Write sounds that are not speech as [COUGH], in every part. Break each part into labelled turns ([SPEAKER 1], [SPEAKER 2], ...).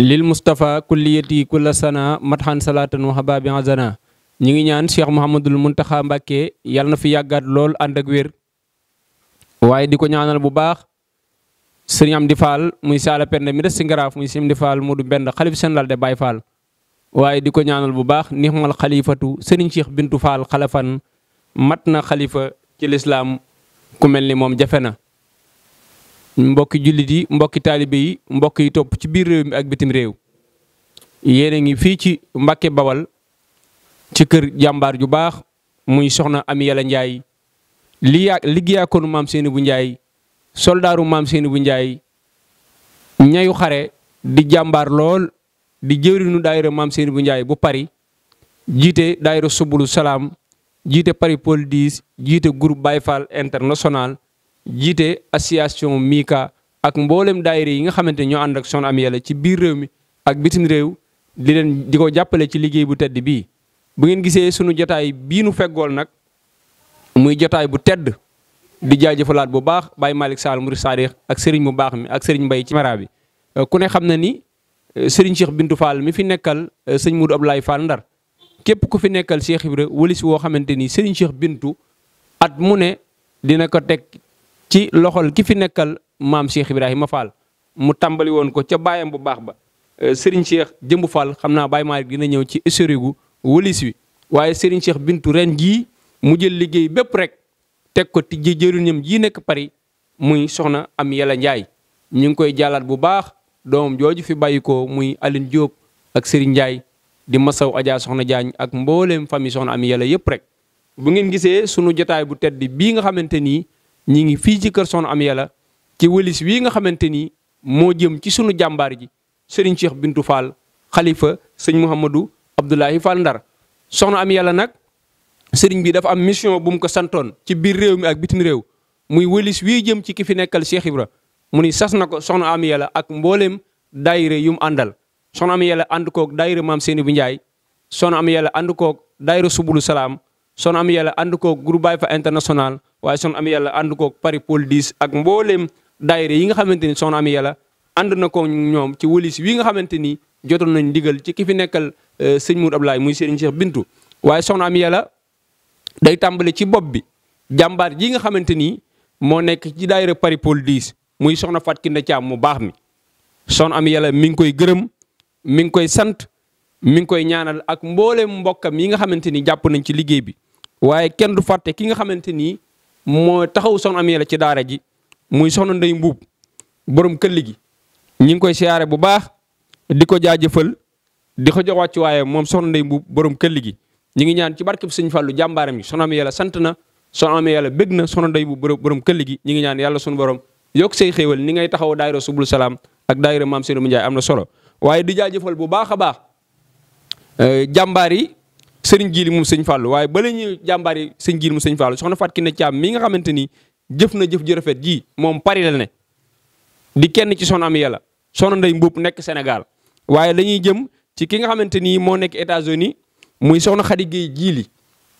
[SPEAKER 1] lil Moustapha kulliyati kulla sana matxan salaatan wa xabaabi azana ñi ngi ñaan Cheikh Mouhamadul Mountakha Mbacké yàlla na fi yàggaat lool ànd ak wér. waaye di ko ñaanal bu baax sëriñ Amdi Fall muy saala pende mi des si de Baye Fall. waaye di ko ñaanal bu baax nixmal xalifatu sëriñ Cheikh Bintu Fall xalafan mat na xalifa ci lislaam ku mel ni moom jafe na. mbokki jullit yi mbokki taalibe yi mbokk yi topp ci biir réew mi ak bitim réew yéen a ngi fii ci Mbàkke Bawal ci kër jàmbaar ju baax muy soxna am Yàlla Njaay li liggéeyaakoonu maam seeni bu Njaay soldaaru maam seeni bu Njaay ñayu xare di jàmbaar lool di jëwrinu daayira maam seeni bu Njaay bu Paris jiite daayira subulu salaam jiite Paris Pôle 10 jiite groupe Baye international jiite association Mika ak mboolem daayira yi nga xamante ñoo ànd ak Soxna Amy ci biir réew mi ak bitim réew di leen di ko jàppale ci liggéey bu tedd bii. bu ngeen gisee sunu jotaay bii nu feggool nag muy jotaay bu tedd di jaajëfalaat bu baax baay malik Sall Mouride Sadiq ak sëriñ bu baax mi ak sëriñ mbay ci mara bi euh, ku ne xam na ni euh, Serigne Cheikh Bintou Fall mi fi nekkal sëñ Moudou laay Fall Ndar képp ku fi nekkal Cheikh Ibra wëlis woo xamante ni Serigne Cheikh at mu ne dina ko teg. ci loxol ki fi nekkal maam Cheikh Ibrahima Fall mu tàmbali woon ko ca baayam bu baax ba euh, Serigne Cheikh Jëmbu Fall xam naa Baye Malick dina ñëw ci historique wëlis wi waaye Serigne Cheikh Bintu ren jii mu jël liggéey bépp rek teg ko ti jëriñam jii nekk Paris muy soxna am yàlla Ndiaye ñu ngi koy jàllaat bu baax doom jooju fi bàyyi ko muy Aline Diop ak Serigne Ndiaye di masaw Adja soxna jaañ ak mbooleem famille soxna am yàlla yëpp rek bu ngeen gisee sunu jotaay bu tedd bii nga xamante nii ñi ngi fii ci kër Soxna Amy Yàlla ci wëlis wii nga xamante ni moo jëm ci sunu jàmbaar ji sëriñ Cheikh Bintu Fall xalifa sëñ Mouhamadou Abdoulahi Fall Ndar Soxna am Yàlla nag sëriñ bi dafa am mission bum ko santoon ci biir réew mi ak bitim réew muy wëlis wii jëm ci ki fi nekkal Cheikh ra mu ni sas na ko Soxna Amy Yàlla ak mbooleem daayire yu mu àndal Soxna Amy Yàlla ànd koog daayire maam seeni bu Njaay Soxna Amy Yàlla ànd koog daayire subulu salaam Soxna Amy ànd koog groupe Baay Fa waaye soxna Amy Yalla ànd koog Paris Pôle 10 ak mbooleem daayira yi nga xamante ni soxna Amy Yalla ànd na ko ñoom ci wëlis wi nga xamante ni jotoon nañ ndigal ci ki fi nekkal euh, sëñ Mour Ablaye muy sëriñ Cheikh Bintu waaye soxna Amy Yalla day tàmbale ci bopp bi jàmbaar ji nga xamante ni moo nekk ci daayira Paris Pôle 10 muy soxna Fatou Kiné Thiam mu baax mi soxna Amy mi ngi koy gërëm mi ngi koy sant mi ngi koy ñaanal ak mboolem mbokkam yi nga xamante ni jàpp nañ ci liggéey bi waaye kenn du ki nga xamante moo taxaw soxna Amy la ci daara ji muy soxna Ndeye Mbuub borom këll gi ñi ngi koy siyaare bu baax di ko jaajëfal di ko jox wàccuwaayam moom soxna Ndeye Mbuub borom këll gi ñu ngi ñaan ci barkeb sëñ Fallou jàmbaaram mi soxna Amy Yàlla sant na son Amy Yàlla bég na soxna Ndeye Mbuub borom këll gi ñu ngi ñaan yàlla sunu borom yokk say xéewal ni ngay taxaw daayira subul salaam ak daayira maam mu Ndiaye am na solo waaye di jaajëfal bu baax a baax eh, jàmbaar yi sëriñ Jili moom sëñ Fallou waaye bala ñuy jàmbaar yi sëñ Jili moom sëñ Fallou soxna Fatou Kiné Thiam mi nga xamante ni jëf na jëf ju rafet ji moom Paris la ne di kenn ci soxna am yàlla soxna Ndeye Mboup nekk Sénégal waaye dañuy jëm ci ki nga xamante ni moo nekk États-Unis muy soxna Khady Gueye Jili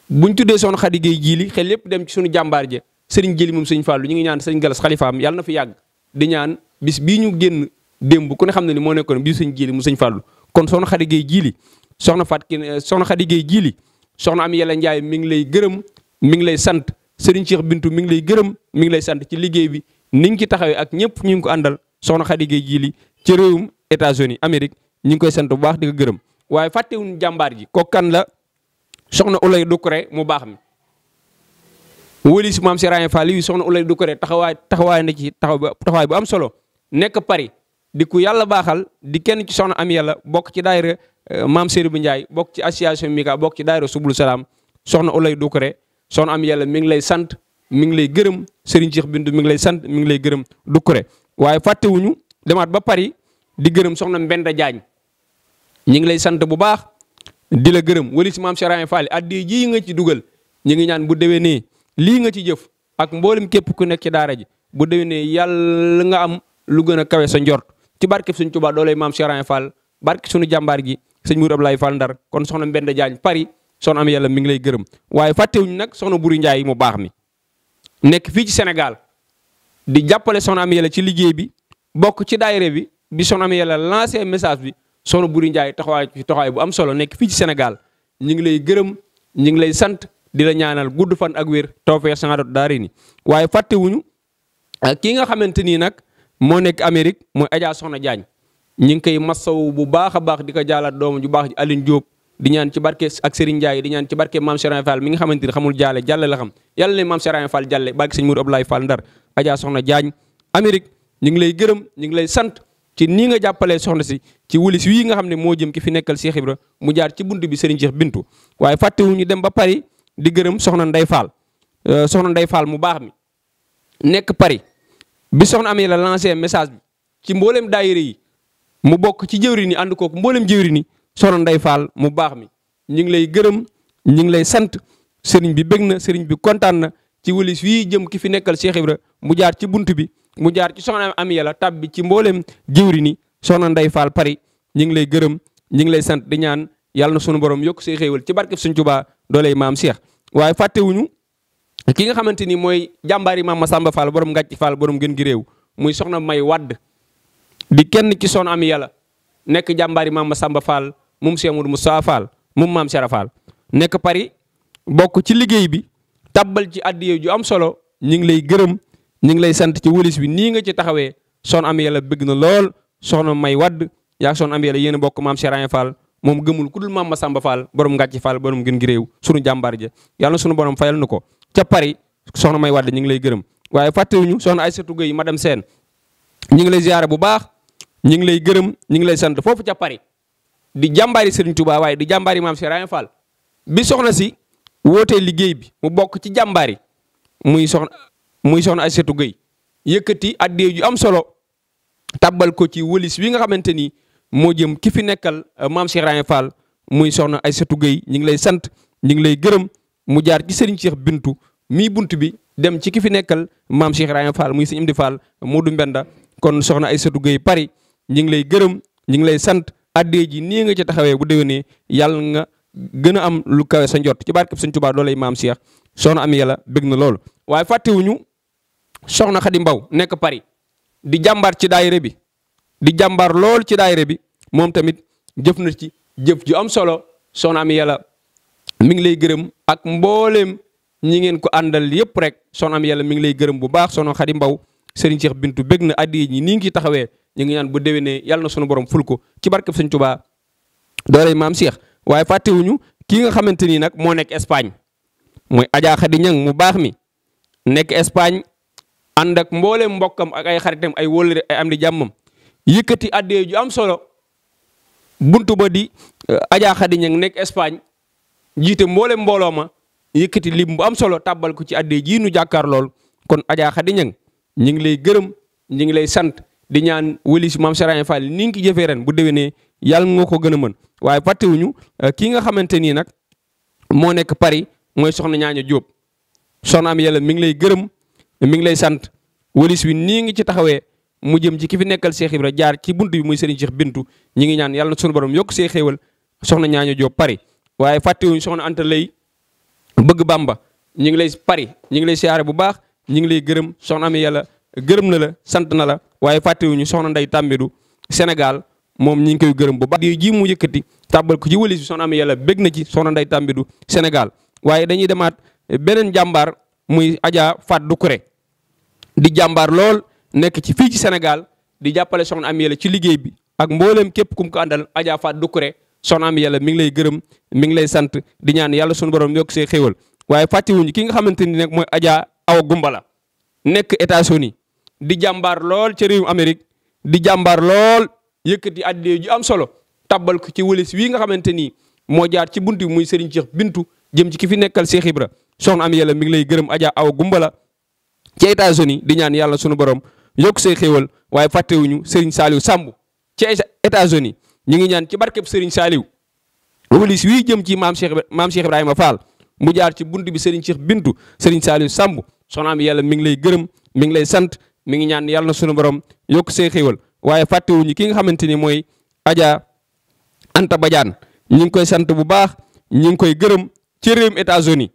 [SPEAKER 1] buñ tuddee soxna Khady Gueye Jili xel yépp dem ci suñu jàmbaar ja sëriñ Jili moom sëñ Fallou ñu ngi ñaan sëñ Galas xalifaam yàlla na fi yàgg di ñaan bis bii ñu génn démb ku ne xam ne ni moo nekkoon bii sëñ Jili mu sëñ Fallou kon soxna Khady soxna Fatou Kiné euh, soxna Khady Gueye Djily soxna Amy Yalla Ndiaye mi ngi lay gërëm mi ngi lay sant Serigne Cheikh Bintou mi ngi lay gërëm mi ngi lay sant ci liggéey bi ni ngi ci taxawee ak ñëpp ñu ngi ko àndal soxna Khady Gueye Djily ci réewum États-Unis Amérique ñu ngi koy sant bu baax di gërëm waaye fàttewuñ jàmbaar ji ko kan la soxna Ulay Dukure mu baax mi wóoli si maam si Rayen li yi soxna Ulay Dukure taxawaay taxawaay na ci taxaw taxawaay bu am solo nekk pari di ku yàlla baaxal di kenn ci soxna Amy Yalla bokk ci daayira Euh, maam bu Ndiaye bokk ci association Mika bokk ci daayira Subul Salaam soxna Olay Dukure soxna am yàlla mi ngi lay sant mi ngi lay gërëm Serigne Cheikh Bindu mi ngi lay sant mi ngi lay gërëm Dukure waaye fàttewuñu demaat ba pari di gërëm soxna Mbenda Diagne ñi ngi lay sant bu baax di la gërëm wali si maam Serigne Fall addi ji nga ci dugal ñu ñaan bu déwénee lii nga ci jëf ak mboolem képp ku nekk daara ji bu déwénee yàlla nga am lu gën a kawe sa njort ci barkeb suñ Tuubaa doolay maam Serigne Fall barke jàmbaar gi sëñ Mourou Ablaye Fall Ndar kon soxna Mbende Diagne Paris soxna am yàlla mi ngi lay gërëm waaye fàttewuñu nag soxna Buri Ndiaye mu baax mi nekk fii ci Sénégal di jàppale soxna am yàlla ci liggéey bi bokk ci daayira bi bi soxna am yàlla lancé message bi soxna Buri Ndiaye taxawaay ci taxawaay bu am solo nekk fii ci Sénégal ñu ngi lay gërëm ñu ngi lay sant di la ñaanal gudd fan ak wér tawfeex sangaat daari ni waaye fàttewuñu ki nga xamante ni nag moo nekk Amérique mooy Adja Soxna jaañ ñi ngi koy masawu bu baax a baax di ko jaalaat doomu ju baax ji Aline Diop di ñaan ci barke ak Serigne Ndiaye di ñaan ci barke Mame Serigne Fall mi nga xamante ni xamul jaale jàlle la xam yàlla ne Mame Serigne Fall jàlle barke Serigne Mourou Abdoulaye Fall Ndar Adja Soxna ñu ngi lay gërëm ñu ngi lay sant ci nii nga jàppalee soxna si ci wulis wii nga xam ne moo jëm ki fi nekkal Cheikh Ibra mu jaar ci bunt bi Serigne Cheikh Bintu waaye fàttewu ñu dem ba Paris di gërëm soxna Ndey Fall euh, soxna Ndey Fall mu baax mi nekk Paris bi soxna amee la lancé message bi ci mboolem daay yi mu bokk ci jëwriñ yi ànd mboolem jëwriñ yi soxna Ndeye Fall mu baax mi ñu ngi lay gërëm ñu ngi lay sant sëriñ bi bég na sëriñ bi kontaan na ci walis wii jëm ki fi nekkal Cheikh Ibra mu jaar ci bunt bi mu jaar ci soxna am yàlla tab bi ci mboolem jëwriñ yi soxna Ndeye Fall ñu ngi lay gërëm ñu ngi lay sant di ñaan yàlla sunu borom yokk say xéewal ci barkeb Sëriñ Tuubaa dooley maam Cheikh waaye ñu ki nga xamante ni mooy jàmbaari maam ma Fall borom ngàcc Fall borom gën gi réew muy soxna May Wàdd bi kenn ki son am yàlla nekk jàmbaari maam Samba Fall moom Cheikh Modou Moustapha Fall moom maam Sera Fall nekk pari bokk ci liggéey bi tabbal ci addiya ju am solo ñu ngi lay gërëm ñu ngi lay sant ci wëlis bi nii nga ci taxawee son am yàlla bëgg na lool soxna May Wadd yaa son am yàlla bokk maam Sera Fall moom gëmul ku dul maam Samba Fall borom ngàcc Fall borom gën gi réew sunu jàmbaar ja yàlla sunu borom fayal nu ko ca Paris soxna May Wadd ñu ngi lay gërëm waaye fàttewuñu soxna Aïssatou Gueye madame Sène ñu ngi lay ziyaare bu baax ñu ngi lay gërëm ñu ngi lay sant foofu ca pari di jàmbaari Serigne Touba waaye di jàmbaari maam Serigne Fall bi soxna si wootee liggéey bi mu bokk ci jàmbaari muy soxna muy soxna Aïssatou Gueye yëkkati addee ju am solo tabbal ko ci wëlis wi nga xamante ni moo jëm ki fi nekkal euh, maam Serigne Fall muy soxna Aïssatou Gueye ñu ngi lay sant ñu ngi lay gërëm mu jaar ci Serigne Cheikh Bintu mii bunt bi dem ci ki fi nekkal maam Cheikh Ibrahima Fall muy sëñ Amdi mu du Mbenda kon soxna Aïssatou Gueye pari ñi ngi lay gërëm ñi ngi lay sant addee ji nii nga ci taxawee bu déwénee yàlla nga gën a am lu kawe sa njott ci barkeb Sëñ Tuubaa loolay maam Cheikh soxna Amy Yàlla bëgg na loolu waaye ñu soxna Xadi Mbaw nekk Paris di jàmbaar ci daayira bi di jàmbaar lool ci daayira bi moom tamit jëf na ci jëf ju am solo soxna Amy Yàlla mi ngi lay gërëm ak mbooleem ñi ngeen ko àndal yëpp rek soxna Amy Yàlla mi ngi lay gërëm bu baax soxna Xadi Mbaw Serigne Cheikh Bintu bëgg na addi ñi ni ngi taxawee ñu ngi ñaan bu déwénee yàlla na sunu borom ful ko ci barkeb Sëñ Tuubaa dooley maam Cheikh waaye fàttewuñu kii nga xamante ni nag moo nekk Espagne mooy Adja Khady Niang mu baax mi nekk Espagne ànd ak mboole mbokkam ak ay xaritam ay wóllëre ay am di jàmmam yëkkati addee ju am solo buntu ba di eh, Adja Khady nekk Espagne jiite mboole mbooloo ma yëkkati lim bu am solo tàbbal ko ci addee jii nu jàkkaar lool kon Adja Khady Niang ñu ngi lay gërëm ñu ngi lay sant di ñaan wëlis maam Serigne Fall ni nga ko jëfee ren bu déwénee yàlla nga ko gën a mën waaye fàttewuñu euh, kii nga xamante nii nag moo nekk Paris mooy soxna ñaaño Jóob soxna am yàlla mi ngi lay gërëm mi ngi lay sant wëlis wi nii ngi ci taxawee mu jëm ci ki fi nekkal Cheikh Ibra jaar ci bunt bi muy Serigne Cheikh Bintu ñi ngi ñaan yàlla na borom yokk see xéewal soxna ñaaño Jóob Paris waaye fàttewuñu soxna Anta lay bëgg Bamba ñi ngi lay Paris ñi ngi lay siyaare bu baax ñi ngi lay gërëm soxna am yàlla gërëm na la sant na la waaye fàttewuñu soxna Ndeye Tambidou Sénégal moom ñi ngi koy gërëm bu baax di ji mu yëkkati tàbbal ko ci wëlis bi am yàlla bég na ci soxna Ndeye Tambidou Sénégal waaye dañuy demaat beneen jàmbaar muy Adja Fat Doucouré di jàmbaar lool nekk ci fii ci Sénégal di jàppale son am yàlla ci liggéey bi ak mbooleem képp kum ko àndal Adja Fat Doucouré soxna am yàlla mi ngi lay gërëm mi ngi lay sant di ñaan yàlla sunu borom yokk see xéewal waaye fàttewuñu ki nga xamante ni nag mooy Adja Awa Gumbala nekk États-Unis di jàmbaar lool ca réewum Amérique di jàmbaar lool yëkkati addee ju am solo tabbal ko ci wëlis wii nga xamante ni moo jaar ci bunt bi muy Serigne Cheikh Bintu jëm ci ki fi nekkal Cheikh Ibra soxna am yella mi ngi lay gërëm Adja Awa Gumbala ci États-Unis di ñaan yàlla sunu borom yokk say xéewal waaye fàttewuñu Serigne Saliou Samb ci États-Unis ñu ngi ñaan ci barkeb Serigne Saliou wëlis wii jëm ci maam Cheikh maam Cheikh Ibrahima Fall mu jaar ci bunt bi Serigne Bintu Serigne Saliou Samb soxna am yàlla mi ngi lay gërëm mi ngi lay sant mi ngi ñaan yàlla na sunu borom yokk see waaye waaye fàttewuñu ki nga xamante ni mooy Adja Anta Badiane ñu ngi koy sant bu baax ñu ngi koy gërëm ci réewum États-Unis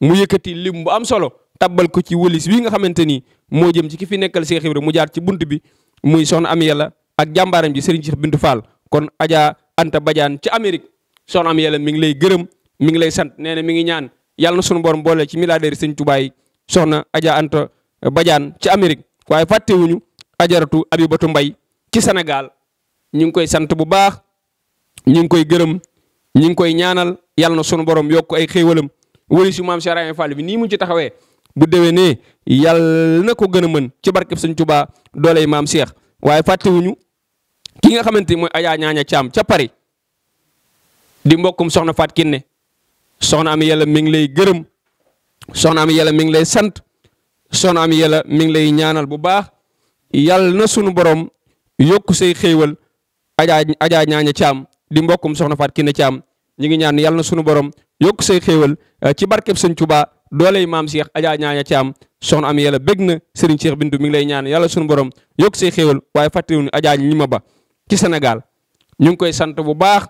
[SPEAKER 1] mu yëkkati lim bu am solo tabbal ko ci wëlis wi nga xamante ni moo jëm ci ki fi nekkal Cheikh Ibra mu jaar ci bunt bi muy soxna Ami Yàlla ak jàmbaaram ji Serigne Cheikh Bintou Fall kon Adja Anta Badiane ci Amérique soxna Ami Yàlla mi ngi lay gërëm mi ngi lay sant nee na mi ngi ñaan yàlla sunu borom boole ci milliardaire Serigne Touba yi soxna Adja Anta Badiane ci Amérique waaye fàttewuñu ajaratu Abibatu Mbay ci senegal ñu ngi koy sant bu baax ñu ngi koy gërëm ñu ngi koy ñaanal yàlla na sunu borom yokk ay xéewalam wëri si maam Cheikh Fall bi nii mu ci taxawee bu déwénee yàlla na ko gën a mën ci barkeb Sëñ Tuubaa dooley maam Cheikh waaye fàttewuñu ki nga xamante ni mooy Adja Ñaaña Caam ca Paris di mbokkum soxna Faat Kinne soxna am yàlla mi ngi lay gërëm soxna am yàlla mi ngi lay sant soxna am yàlla mi ngi lay ñaanal bu baax yàlla na sunu borom yokk say xéewal ajaa ajaa ñaaña caam di mbokkum soxna faat ki ne caam ñu ngi ñaan yàlla na sunu borom yokk say xéewal eh, ci barkeb sëñ Tuubaa dooley maam Cheikh ajaa ñaaña caam soxna am yàlla bég na sëriñ Cheikh mi ngi lay ñaan yàlla sunu borom yokku say xéewal waaye fàttaliwuñu ajaa ñi ma ba ci senegal ñu ngi koy sant bu baax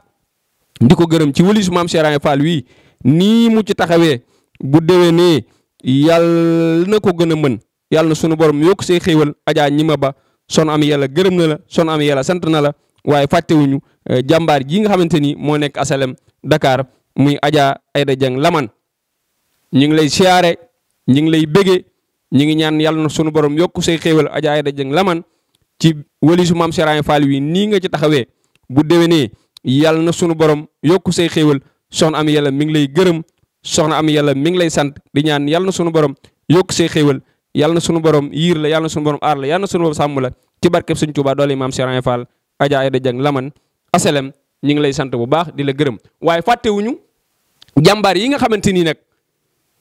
[SPEAKER 1] di ko gërëm ci wëlisu maam Cheikh Ibra Fall wii nii mu ci taxawee bu déwénee yàlla na ko gën a mën yàlla na sunu borom yokk say xéewal ajaa ñima ba son am yàlla gërëm na la son am yàlla sant na la waaye fàttewuñu euh, jàmbaar ji nga xamante ni moo nekk asalem Dakar muy ajaa Aida Dieng Lamane ñu ngi lay siyaare ñu ngi lay bége ñu ngi ñaan yàlla na sunu borom yokk say xéewal ajaa Aida Dieng ci walisu maam Serigne Fall wi nii nga ci taxawee bu déwénee yàlla na sunu borom yokk say xéewal son am yàlla mi ngi lay gërëm soxna am yàlla mi ngi lay sant di ñaan yàlla na sunu borom yokk see xéewal yàlla na sunu borom yiir la yàlla na sunu borom aar la yàlla sunu borom sàmm la ci barkeb Sëñ Tuubaa doole maam Serigne Fall Adja da Dieng Laman aselem ñu ngi lay sant bu baax di la gërëm waaye fàttewuñu jàmbaar yi nga xamante nii nag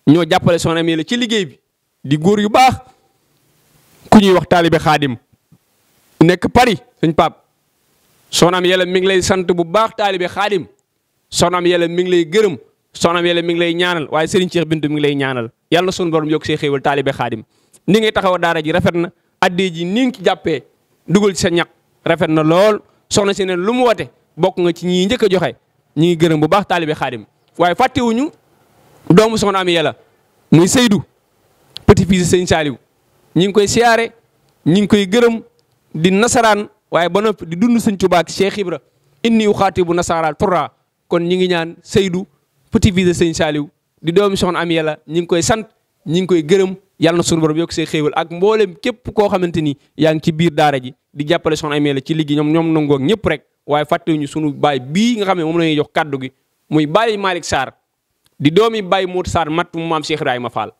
[SPEAKER 1] ñoo jàppale soxna am yàlla ci liggéey bi di góor yu baax ku ñuy wax taalibe xaadim nekk pari suñ pap soxna am yàlla mi ngi lay sant bu baax taalibe xaadim soxna am yàlla mi ngi lay gërëm soxnaam yàlla mi ngi lay ñaanal waaye Serigne Cheikh Bintou mi ngi lay ñaanal yàlla na sunu borom yokk see xéewal taalibe xaadim ni ngay taxaw daara ji rafet na addee ji ni nga ci jàppee dugal sa ñaq rafet na lool soxna si lu mu wote bokk nga ci ñi njëkk a joxe ñi ngi gërëm bu baax taalibe xaadim waaye fàttewuñu doomu soxna am yàlla muy Seydou petit fils Sëñ Saaliw ñi ngi koy siyaare ñi ngi koy gërëm di nasaraan waaye ba noppi di dund Sëñ Tuubaa ak Cheikh Ibra inni yu xaati bu nasaraal tura kon ñi ngi ñaan Seydou petit fils de sëñ Saliou di doomi soxna am yàlla ñi ngi koy sant ñi ngi koy gërëm yàlla na suñu borom yokk see xéewal ak mboolem képp koo xamante ni yaa ngi ci biir daara ji di jàppale soxna am yàlla ci liggéey ñoom ñoom nangoog ñëpp rek waaye fàttewuñu suñu baay bii nga xam ne moom la ñuy jox kàddu gi muy Baye Malick Sarr di doomi Baye Mour Sarr mat mu maam Cheikh Ibrahima Fall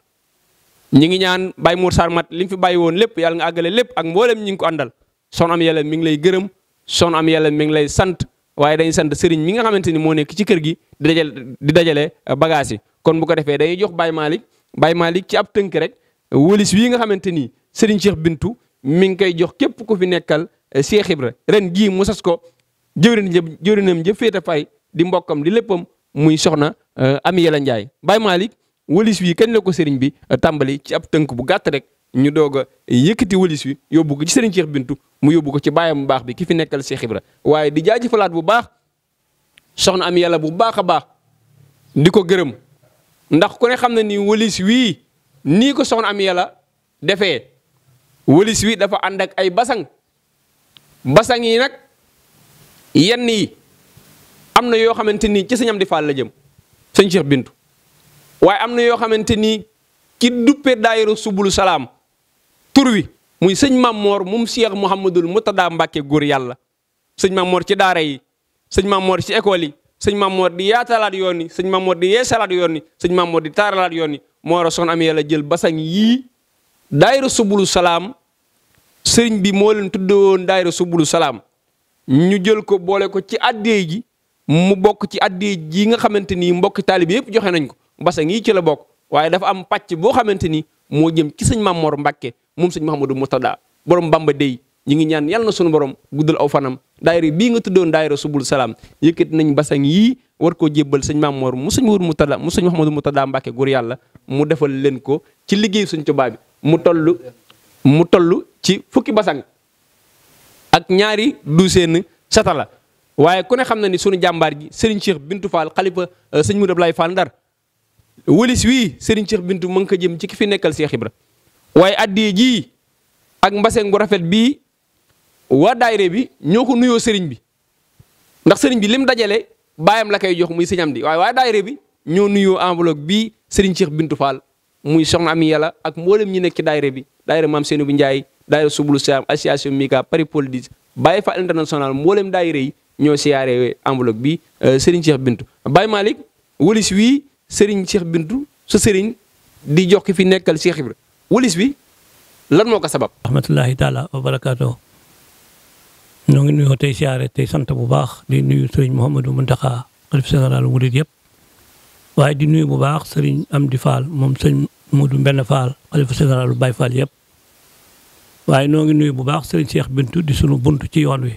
[SPEAKER 1] ngi ñaan Baye Mour Sarr mat li mu fi bàyyi woon lépp yàlla nga àggale lépp ak mboolem ngi ko àndal soxna yàlla mi ngi lay gërëm soxna am yàlla mi ngi lay sant waaye dañuy sant sëriñ mi nga xamante ni moo nekk ci kër gi di dajale di dajale euh, bagage yi kon bu ko defee dañuy jox bay Malick Baye Malick ci ab tënk rek euh, wëlis wii nga xamante ni sëriñ Cheikh Bintu mi ngi koy jox képp ku fi nekkal euh, Cheikh Ibra ren jii mu sas ko jëwriñ jë jëwriñam jë féete fay di mbokkam di léppam muy soxna Amy Yalla Ndiaye Baye Malick wëlis wii kañ la ko sëriñ bi tàmbali ci ab tënk bu gàtt rek. ñu doog a yëkkati walis wi yóbbu ko ci sëriñ Cheikh Bintu mu yóbbu ko ci baayam bu baax bi ki fi nekkal Cheikh Ibra waaye di falaat bu baax soxna am yàlla bu baax a baax di ko gërëm ndax ku ne xam na ni walis wii nii ko soxna am yàlla defee walis wi dafa ànd ay basang basang yi nag yenn yi am na yoo xamante ni ci sëñ Amdi Fall la jëm sëñ Cheikh Bintu waaye am na yoo xamante ni ki duppe daayiru subul salaam tur wi muy sëñ Mamor moom Cheikh Mouhamadul Moutada Mbacke góor yàlla sëñ Mamor ci daara yi sëñ Mamor ci école yi sëñ Mamor di yaatalaat yoon yi sëñ Mamor di yeesalaat yoon yi sëñ Mamor di taaralaat yoon yi moo war a soxna am yàlla jël basang yii daayira subulu salaam sëriñ bi moo leen tuddee woon daayira subulu salaam ñu jël ko boole ko ci addee ji mu bokk ci addee jii nga xamante ni mbokki taalib yëpp joxe nañ ko basang yii ci la bokk waaye dafa am pàcc boo xamante ni moo jëm ci sëñ Mamor Mbacke moom sëñ Mouhamadou Moutada borom Bamba dey ñi ngi ñaan yàlla na sunu borom guddal aw fanam daayira bii nga tuddoon daayira subul salaam yëkkati nañ basang yii war koo jébbal sëñ Maam Mor mu sëñ Mour Moutada mu sëñ Mouhamadou Moutada Mbacke góor yàlla mu defal leen ko ci liggéey sëñ Tuubaa bi mu toll mu toll ci fukki basang ak ñaari du seen satala waaye ku ne xam na ni sunu jàmbaar ji Serigne Cheikh Bintu Fall xalifa euh, sëñ Mour Ablaye Fall Ndar wëlis wii Serigne Cheikh Bintu mu ngi ko jëm ci ki fi nekkal Cheikh Ibra waaye addiye jii ak mbaseñ bu rafet bii waa daayre bi ñoo ko nuyoo sëriñ bi ndax sëriñ bi lim dajale baayam la koy jox muy sëñ Amdi waaye waa daayre bi ñoo nuyoo enveloppe bii sëriñ Cheikh Bintou Fall muy soxna Ami Yàlla ak mboolem ñi nekk ci daayre bi daayre maam Seynou bu Ndiaye daayre Subulu Saam association Mika Paris Police Baye Fall international mboolem daayre yi ñoo siyaaree enveloppe bi euh, sëriñ Cheikh Bintou Baye Malick wëlis wii sëriñ Cheikh Bintou sëriñ di jox ki fi nekkal Cheikh Ibra walis bi lan moo ko sabab.
[SPEAKER 2] rahmatullahi taala wa barakaatu. ñoo ngi nuyoo tey siyaare tey sant bu baax di nuyu sëriñ Mouhamadou Mountakha xalif général murid yëpp waaye di nuyu bu baax sëriñ di Fall moom sëriñ Modou Mbenn Fall xalif général Baye Fall yëpp. waaye noo ngi nuyu bu baax sëriñ Cheikh Bintu di sunu bunt ci yoon wi.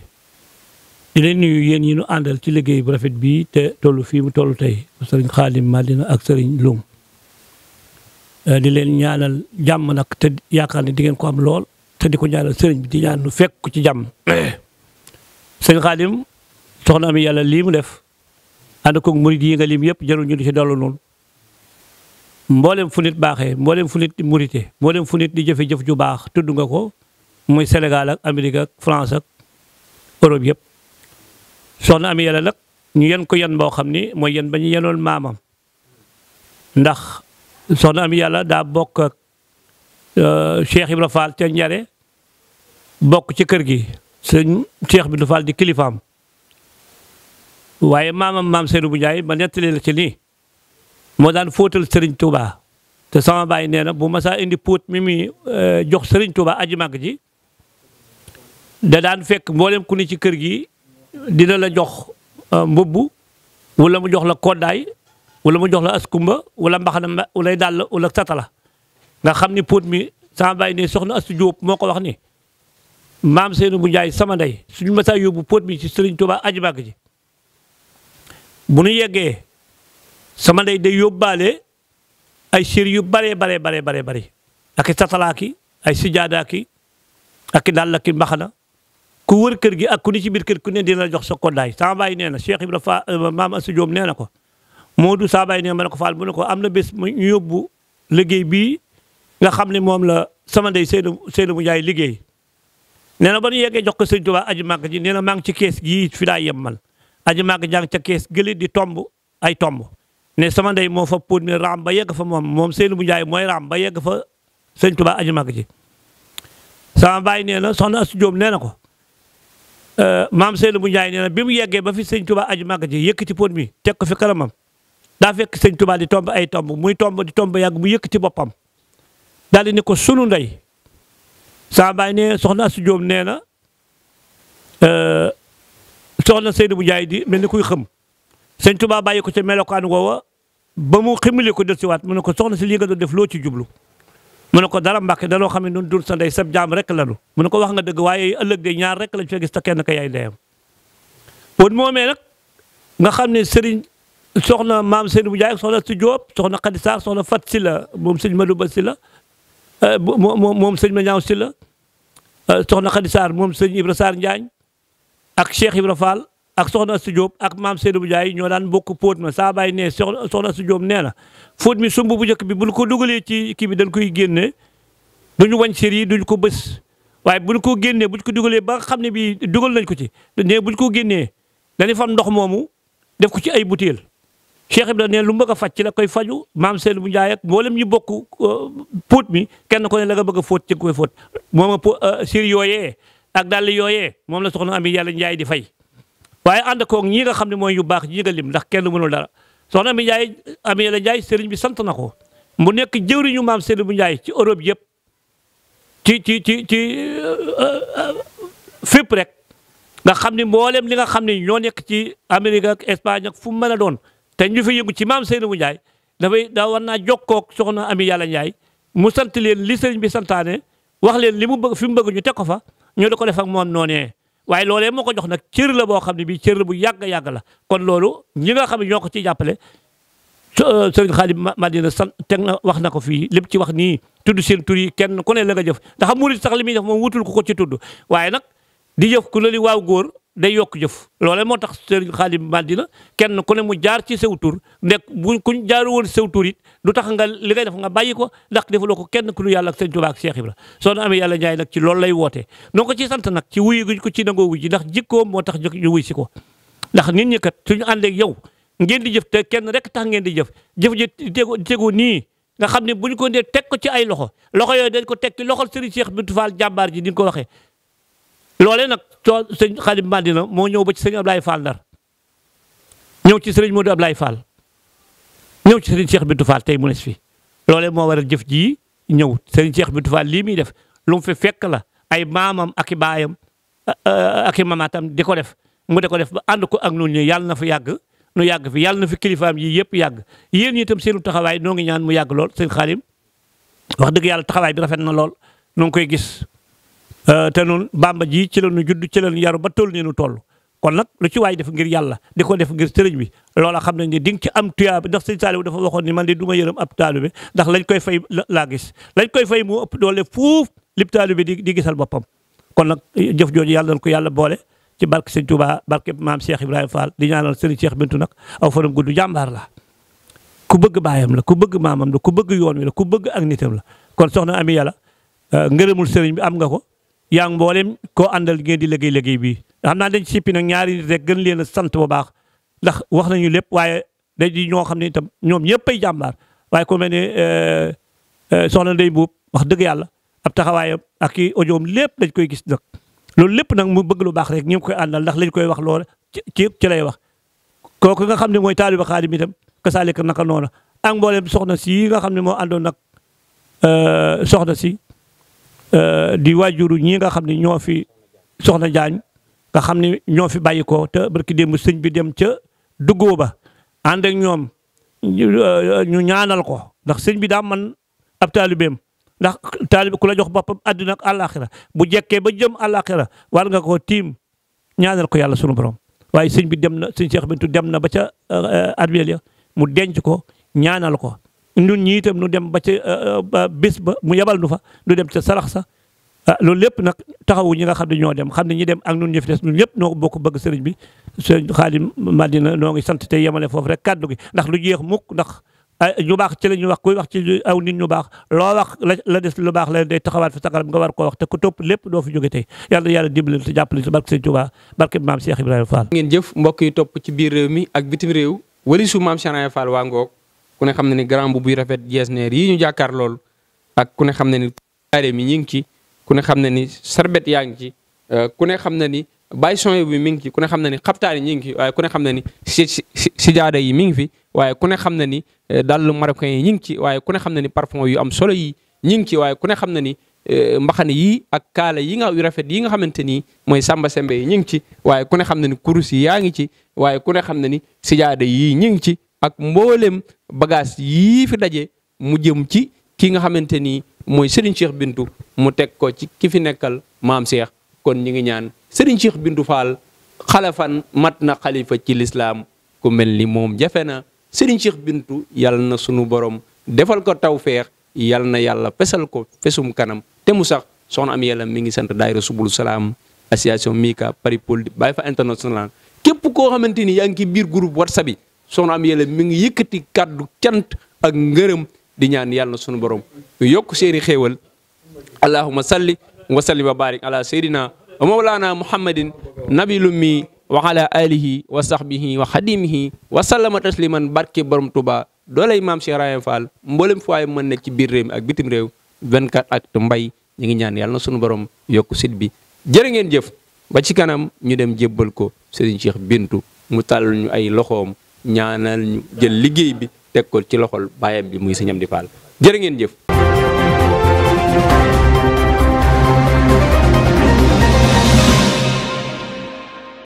[SPEAKER 2] di leen nuyu yéen ñi ñu àndal ci liggéey bu rafet bii te tollu fii mu toll tey sëriñ Xaadim Madina ak sëriñ Loum Eh, di leen ñaanal jàmm nag te yaakaar ne di ngeen ko am lool te di ko ñaanal sëriñ bi di ñaan nu fekk ko ci jàmm. [CLEARS THROAT] sëñ Xaadim soxna am yàlla liimu def and koog murit yi nga lim yëpp jarul ñu di ci dallu noonu mboolem fu nit baaxee mboolem fu nit di murite mboolem fu di jëfe-jëf ju baax tudd nga ko muy Sénégal ak Amérique ak Europe yëpp. soxna am yàlla nag ñu yen ko yen boo xam ni mooy yen ba ñu yenoon maamam ndax. soxna Amy Yàlla daa bokk ak euh, Cheikh Ibra Fall ca Njare bokk ci kër gi sëñ Cheikh Ibra Fall di kilifaam waaye maamam maam Seydou bu Njaay ba nettali la ci nii moo daan fóotal sëriñ Touba te sama baay nee na bu masaa indi póot mi muy euh, jox sëriñ Touba aji màgg ji da daan fekk mboolem ku ni ci kër gi dina la jox euh, mbubb wala mu jox la koddaay wala mu jox la askumba wala mbaxana wala dàll wala satala nga xam ni póot mi sama bàyyi ne soxna Astu Jóob moo ko wax ni maam Seenu bu Njaay sama ndey suñu masaa yóbbu póot mi si Sëriñ Tuubaa aji bàgg ji bu nu yeggee sama ndey day yóbbaale ay sér yu baree baree bare baree bëri ak i satalaaki ay sijaadaaki ak i dàll ak i mbaxana ku wër kër gi ak ku ni ci biir ku ne dina la jox sa koddaay sama bàyyi nee na Cheikh Ibrahima euh, maam Astu Jóob nee na ko Modou Sabaay ne ma ne ko Fall mu ne ko am na bés mu ñu liggéey bii nga xam ne moom la sama ndey Seydou Seydou mu Njaay liggéey nee na ba ñu yeggee jox ko sëñ Tuubaa màgg ji nee na maa ngi ci kees gii fi daa yemmal aji màgg jàng ca kees gële di tomb ay tomb ne sama ndey moo fa póot mi raam ba yegg fa moom moom Seydou mu Njaay mooy raam ba yegg fa sëñ Tuubaa aji màgg ji sama baay nee na soxna Asu Jóob nee na ko euh, maam Seydou mu Njaay nee na bi mu yeggee ba fi sëñ Tuubaa aji màgg ji yëkkati póot mi teg ko fi kanamam daa fekk sëñ Tuubaa di tomb ay tomb muy tomb di tomb yàgg mu yëkkati boppam daal di ne ko sunu ndey saa baay ne soxna si Jóob nee na euh, soxna Seydou bu jaay di mel ni kuy xëm sëñ Tuubaa bàyyi ko ca melokaan woowa ba mu ximali ko delsiwaat mu ne ko soxna si lii nga doon def loo ci jublu mu ne ko dara mbàkke danoo xam ne nun dul sa ndey sab jaam rek lanu mu ne ko wax nga dëgg waaye ëllëg de ñaar rek lañ fee gis te kenn ka yaay ndeyam kon moomee nag nga soxna maam Seynabou Ndiaye soxna si Diop soxna Khady Sarr soxna Fat si la moom sëñ Madou Ba la euh, moom moom sëñ Maniaw si la euh, soxna Khady Sarr moom sëñ Ibra Sarr Njaañ ak Cheikh Ibra Fall ak soxna si Diop ak maam Seynabou Ndiaye ñoo daan bokk póot ma saa bàyyi ne soxna soxna si Diop nee na fóot mi sumb bu njëkk bi buñ ko dugalee ci kii bi dañ koy génne duñu wañ sér yi duñ ko bës waaye buñ ko génnee buñ ko dugalee ba xam ne bi dugal nañ ko ci ne buñ ko génnee dañuy fam ndox moomu def ko ci ay butéel Cheikh Ibra ne lu mu bëgg faj ci la faju maam Seydou bu Njaay ak mboolem ñu bokk euh, puut mi kenn ko ne la nga bëgg a fóot ci nga koy fóot moom a euh, yooye ak dàll yooyee moom la soxna Ami Yàlla Njaay di fay waaye ànd koog ñi nga xam ne mooy yu baax ñi nga lim ndax kenn mënul dara soxna Ami Njaay Ami Yàlla sëriñ bi sant na ko mu nekk jëwriñu maam Seydou bu Njaay ci Europe yëpp ci ci ci ci euh, fépp rek nga xam ne mboolem li nga xam ne ñoo nekk ci Amérique ak Espagne ak mën a doon te ñu fi yëngu ci maam Seynabou Ndiaye dafay daa war naa jokkoog soxna Ami Yàlla Ndiaye mu sant leen li sëriñ bi santaane wax leen li mu bëgg fi mu bëgg ñu teg ko fa ñu di ko def ak moom noonee waaye loolee moo ko jox nag cër la boo xam ne bii cër la bu yàgg yàgg la kon loolu ñi nga xam ne ñoo ko ciy jàppale sëriñ euh, Xaadim Madina sant teg na wax na ko fii lépp ci wax nii tudd seen tur yi kenn ku ne la nga jëf ndax murid sax li muy def moom wutul ku ko ci tudd waaye nag di jëf ku la waaw góor day yokk jëf loole moo tax Serigne Khadim Madina kenn ku ne mu jaar ci sew tur nekk bu kuñ jaaru woon sew tur it du tax nga li ngay def nga bàyyi ko ndax defaloo ko kenn ku nu yàlla ak Serigne Touba ak Cheikh Ibra soo amee yàlla Njaay nag ci loolu lay wootee donc ko ci sant nag ci wuyu guñ ko ci nangoo wuy ji ndax jikkoom moo tax ñu wuy si ko ndax nit ñi kat suñu àndeek yow ngeen di jëf te kenn rek tax ngeen di jëf jëf ji tegu nii nga xam ne buñ ko ndee teg ko ci ay loxo loxo yooyu dañ ko teg ci loxol Serigne Cheikh Bintou Fall ji ni ko waxee loole nag soo sëñ Xaadim Madina moo ñëw ba ci sëñ Ablaye Fall Ndar ñëw ci sëriñ Modou lay Fall ñëw ci sëriñ seex Bintou Fall tey mu nes fi loolee moo waral jëf ji ñëw sëriñ Cheikh Bintou Fall lii muy def lu fi fekk la ay maamam ak i baayam euh, ak i mamaatam di ko def mu di ko def ba ànd ko ak noonu yàlla na fa yàgg nu yàgg fi yàlla na fi kilifaam yi yëpp yàgg yéen ñi itam seenu taxawaay noo ngi ñaan mu yàgg lool sëñ Xaadim wax dëgg yàlla taxawaay bi rafet na lool noo koy gis Euh, te noonu bàmba ji ci la ñu judd ci la ñu yaru ba toll nii nu toll kon nag lu ci waay def ngir yàlla di ko def ngir sëriñ bi loola xam nañ ne di nga ci am tuyaa bi ndax dafa waxoon ni man de du ma yërëm ab taalibe ndax lañ koy fay laa gis lañ koy fay moo ëpp doole fuuf lib taalibe di di gisal boppam kon nag eh, jëf jooju yàlla na ko yàlla boole ci barke sëñ Touba barke maam Cheikh Ibrahima Fall di ñaanal sëriñ Cheikh Bintu nag aw fanam gudd jàmbaar la ku bëgg baayam la ku bëgg maamam la ku bëgg yoon wi la ku bëgg ak nitam la kon soxna Ami yàlla euh, ngërëmul sëriñ bi am nga ko yaa ngi mboolem koo àndal ngeen di liggéey liggéey bi xam na dañ sippi nag ñaari nit rek gën leen a sant bu baax ndax wax nañu lépp waaye dañ di ñoo xam ne itam ñoom ñëpp ay jàmbaar waaye ku mel ne euh, euh, soxna Ndeye Mbuub wax dëgg yàlla ab taxawaayam ak i ojoom lépp dañ koy gis nag. loolu lépp nag mu bëgg lu baax rek ñu ngi koy àndal ndax lañ koy wax lool ci ci lay wax kooku nga xam ne mooy taaliba Xaadim itam kasaalika naka noona ak mboolem soxna si nga xam ne moo àndoon nag euh, soxna si. Euh, di waajuru ñi nga xam ne ñoo fi soxna Jaañ nga xam ne ñoo fi bàyyi ko te barki démb sëñ bi dem ca duggoo ba ànd ak ñoom ñu euh, ñaanal ko ndax sëñ bi daa man ab taalibeem ndax taalib ku la jox boppam àddina ak àllaaxira bu jekkee ba jëm àllaaxira war nga koo tiim ñaanal ko yàlla sunu borom waaye sëñ bi dem na sëñ Cheikh Bintu dem na ba ca euh, armeel ya mu denc ko ñaanal ko ñun ñii itam nu dem ba ca euh, euh, bis ba mu yabal nu fa nu dem ca sarax sa ah, loolu lépp nag taxawu ñi nga xam ne ñoo dem xam ne ñi dem ak ñun ñi fi des ñun ñëpp noo bokk bëgg sëriñ bi sëriñ Xaadim Madina noo ngi sant te yemale foofu rek kàddu gi ndax lu jeex mukk ndax ah, ñu baax ci la ñuy wax kuy wax ci nit ñu baax loo wax la la des lu baax la day taxawaat fi sakaram nga war koo wax te ku topp lépp doo fi jóge tey yàlla yàlla dimbali te jàppale ci barke Sëriñ Tuubaa barke maam Cheikh Ibrahima Fall
[SPEAKER 1] jëf mbokk yi topp ci biir mi ak bitim réew wali su maam Cheikh Ibrahima waa ngoog ku ne xam ne ni grand mbubb yu rafet jees neer yi ñu jàkkaar lool ak ku ne xam ne ni taare mi ñi ngi ci ku ne xam ne ni sarbet yaa ngi ci ku ne xam ne ni bàyyi son bi mi ngi ci ku xam ne ni xabtaan yi ñi ngi ci waaye xam ne ni si sijaada yi mi ngi fi waaye ku xam ne ni dàllu marocain yi ñi ngi ci waaye ku ne xam ne ni parfum yu am solo yi ñi ngi ci waaye ku ne xam ne ni mbaxane ak kaala yi nga yu rafet yi nga xamante ni mooy samba sembe yi ñu ngi ci waaye ku ne xam ne yi yaa ngi ci waaye ku ne xam ne ni ak mboolem bagage yii fi daje mu jëm ci kii nga xamante ni mooy Serigne Cheikh Bintu mu teg ko ci ki fi nekkal maam Cheikh kon ñi ngi ñaan Serigne Cheikh Bintu Fall xalafan mat na xalifa ci lislaam ku mel ni moom jafe na Serigne Cheikh Bintu yàlla na sunu borom defal ko taw tawféex yàlla na yàlla fesal ko fesum kanam te mu sax soxna am yàlla mi ngi sant daayira subul salaam association Mika Paris Pôle Baye Fall international képp koo xamante ni yaa ngi ci biir groupe WhatsApp bi soxna am yële mi ngi yëkkati kàddu cant ak ngërëm di ñaan yàlla sunu borom yokk seeni xéewal allahuma salli wa salli wa barik ala sayidina wa mawlana muhammadin nabi lummi wa ala alihi wa sahbihi wa xadimihi wa sallama tasliman barke borom tuba doolay maam Cheikh Rahim Fall mboolem faaye mën nekk ci biir réew mi ak bitim réew 24 actu mbay ñu ngi ñaan yàlla na sunu borom yokk sit bi jërë ngeen jëf ba ci kanam ñu dem jébbal ko Serigne Cheikh Bintu mu tàllal ñu ay loxoom ñaanal ñu jël liggéey bi teg ko ci loxol baayam bi muy sëñam di Fall jërë ngeen jëf